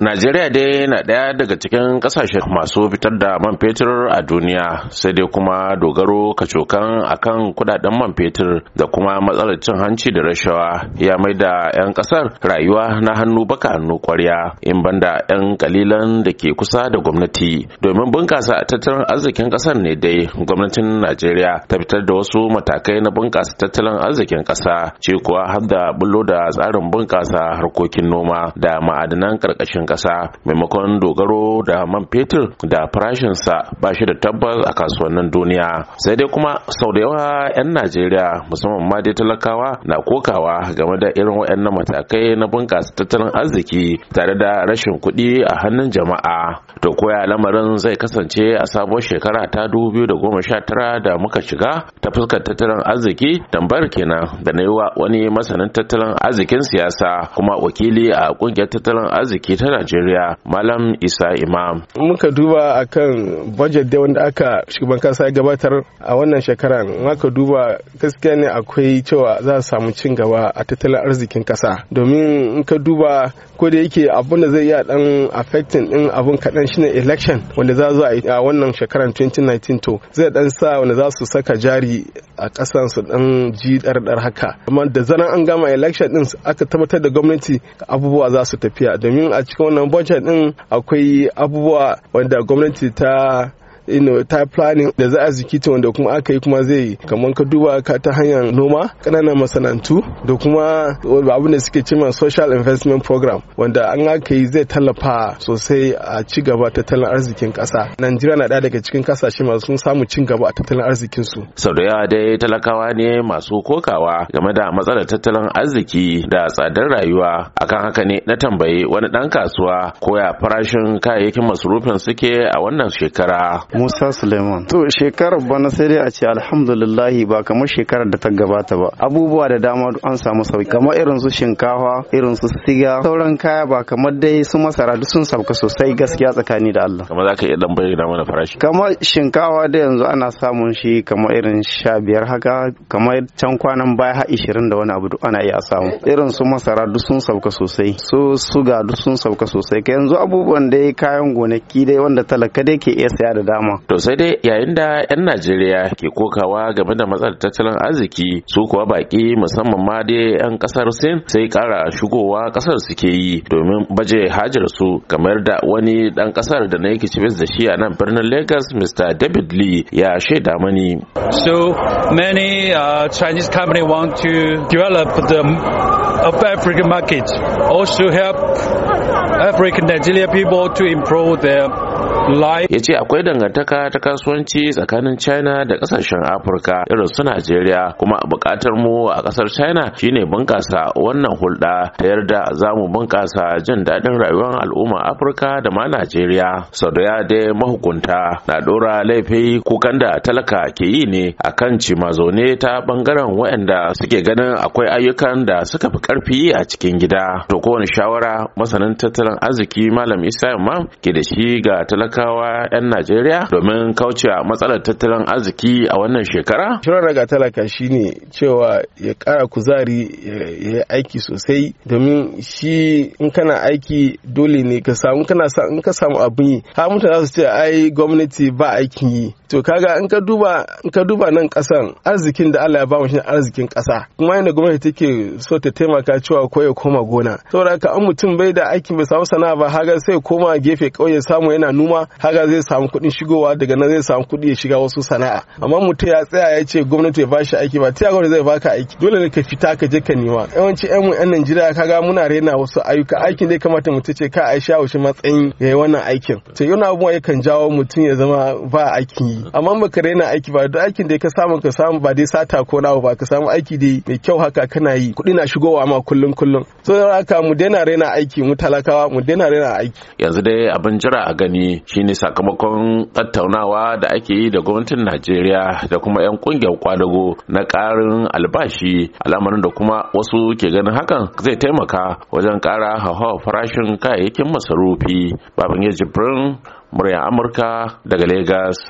Najeriya dai na ɗaya daga cikin ƙasashe masu fitar da man fetur a duniya sai dai kuma dogaro kacokan kan kudaden man fetur da kuma matsalar cin hanci da rashawa ya mai da 'yan ƙasar rayuwa na hannu baka hannu kwarya in banda 'yan kalilan da ke kusa da gwamnati domin bunƙasa tattalin arzikin ƙasar ne dai gwamnatin Najeriya ta fitar da wasu matakai na bunƙasa tattalin arzikin ƙasa ce kuwa har da bullo da tsarin bunƙasa harkokin noma da ma'adanan ƙarƙashin kasa maimakon dogaro da man fetur da farashinsa ba shi da tabbas a kasuwannin duniya sai dai kuma sau da yawa 'yan najeriya musamman ma dai talakawa na kokawa game da irin waɗannan matakai na bunƙasa tattalin arziki tare da rashin kuɗi a hannun jama'a to koya lamarin zai kasance a sabuwar shekara ta 2019 da muka shiga ta fuskar tattalin arziki tambayar kenan da na yi wa wani masanin tattalin arzikin siyasa kuma wakili a ƙungiyar tattalin arziki ta Najeriya Malam Isa Imam. Muka duba akan budget da wanda aka shugaban kasa ya gabatar a wannan shekaran muka duba gaskiya ne akwai cewa za a samu cin gaba a tattalin arzikin kasa domin in ka duba ko da yake abun da zai iya dan affecting din abun kadan shine election wanda za zo a wannan shekaran 2019 to zai dan sa wanda za su saka jari a kasan su dan ji dar haka amma da zaran an gama election din aka tabbatar da gwamnati abubuwa za su tafiya domin a cikin wannan budget din akwai abubuwa wanda gwamnati ta ta planning da za a zikita wanda kuma aka yi kuma zai kamar ka duba ka ta hanyar noma kananan masana'antu da kuma abin da suke cima social investment program wanda an aka yi zai tallafa sosai a ci gaba tattalin arzikin kasa. najeriya na ɗaya daga cikin kasashe masu samu cin gaba a tattalin arzikin su sau da yawa dai talakawa ne masu kokawa game da matsalar tattalin arziki da tsadar rayuwa akan haka ne na tambayi wani ɗan kasuwa ko ya farashin kayayyakin masurufin suke a wannan shekara Musa Suleiman. To shekarar bana sai dai a ce alhamdulillahi ba kamar shekarar da ta gabata ba. Abubuwa da dama an samu sauki kamar irin su shinkafa, irin su siga, sauran kaya ba kamar dai su masara duk sun sauka sosai gaskiya tsakani da Allah. Kamar zaka iya dan bayyana mana farashi. Kamar shinkafa da yanzu ana samun shi kamar irin sha biyar haka kamar can kwanan baya har ishirin da wani abu ana iya samu. Irin su masara duk sun sauka sosai, su suga duk sun sauka sosai. Ka yanzu abubuwan dai kayan gonaki dai wanda talaka dai ke iya saya da dama. samu. to sai dai yayin da yan najeriya ke kokawa game da matsalar tattalin arziki su kuwa baki musamman ma dai yan kasar sin sai kara shigowa kasar suke yi domin baje hajar su kamar da wani dan kasar da na yake cibis da shi a nan birnin lagos mr david lee ya shaida mani so many uh, chinese company want to develop the of african market also help african nigerian people to improve their ya ce akwai dangantaka ta kasuwanci tsakanin china da kasashen afirka irin su najeriya kuma a buƙatar mu a ƙasar china shine bunƙasa wannan hulɗa ta yarda za mu bunƙasa jin daɗin rayuwar al'umma afirka da ma najeriya sadaya dai mahukunta na ɗora laifi kukan da talaka ke yi ne a kan cimazone ta ɓangaren waɗanda suke ganin akwai ayyukan da suka fi ƙarfi a cikin gida to kowane shawara masanin tattalin arziki malam isa ke da shi ga talaka talakawa 'yan Najeriya domin kaucewa matsalar tattalin arziki a wannan shekara? Shirin raga talaka shine cewa ya ƙara kuzari ya yi aiki sosai domin shi in kana aiki dole ne ka samu kana in ka samu abin yi har mutane za su ce ai gwamnati ba aikin yi to kaga in ka duba in ka duba nan kasan arzikin da Allah ya ba mu shi arzikin kasa kuma yadda gwamnati take so ta taimaka cewa ko ya koma gona saboda ka an mutum bai da aiki bai samu sana'a ba haga sai koma gefe kauye samu yana numa haka zai samu kuɗin shigowa daga nan zai samu kuɗi ya shiga wasu sana'a amma mutum ya tsaya ya ce gwamnati ya bashi aiki ba ta gwamnati zai baka aiki dole ne ka fita ka je ka nema yawanci yan yan Najeriya kaga muna rena wasu ayyuka aikin dai kamata mu mutum ce ka a sha wuce matsayin ya yi wannan aikin to yana abubuwa kan jawo mutum ya zama ba aikin yi amma baka rena aiki ba duk aikin da ka samu ka samu ba dai sata ko nawa ba ka samu aiki dai mai kyau haka kana yi kuɗi na shigowa ma kullum kullum so haka mu daina rena aiki mu talakawa mu daina rena aiki yanzu dai abin jira a gani shine sakamakon tattaunawa da ake yi da gwamnatin najeriya da kuma 'yan kungiyar kwadago na karin albashi al'amarin da kuma wasu ke ganin hakan zai taimaka wajen kara hauhawar farashin kayayyakin masarufi babangida jibrin murya amurka daga Legas.